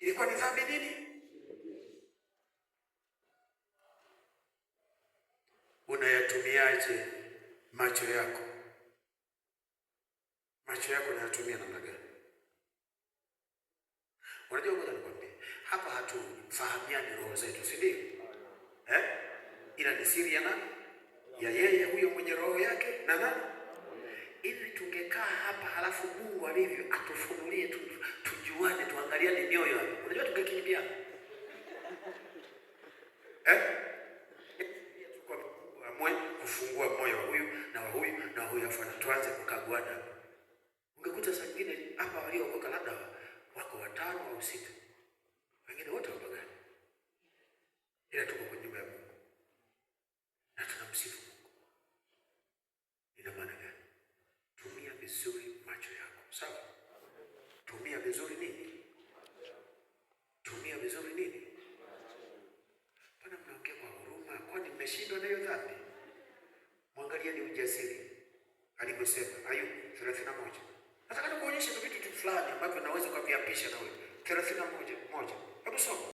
ilikuwa ni dhambi nini? Unayatumiaje macho yako? Macho yako unayatumia namna gani? Unajua, ngoja nikwambie hapa, hatufahamiani roho zetu, si ndio? Eh, ila ni siri ya nani? Ya yeye huyo mwenye roho yake na nani. Ili tungekaa hapa halafu Mungu alivyo atufunulie Eh? amwe kufungua moyo wa huyu na wa huyu na huyu, afu tuanze kukaguana. Ungekuta saa nyingine hapa waliokoka labda wako watano au sita, wengine wote wapagani, ila tuko kwa nyumba ya Mungu na tunamsifu Mungu. Ina maana gani? Tumia vizuri macho yako, sawa? Tumia vizuri nini ameshindwa nayo dhambi. Mwangalia ni ujasiri alivyosema Ayubu 31. Nataka nikuonyeshe vitu tu fulani ambavyo naweza ukaviapisha na wewe. 31 moja. Hebu soma.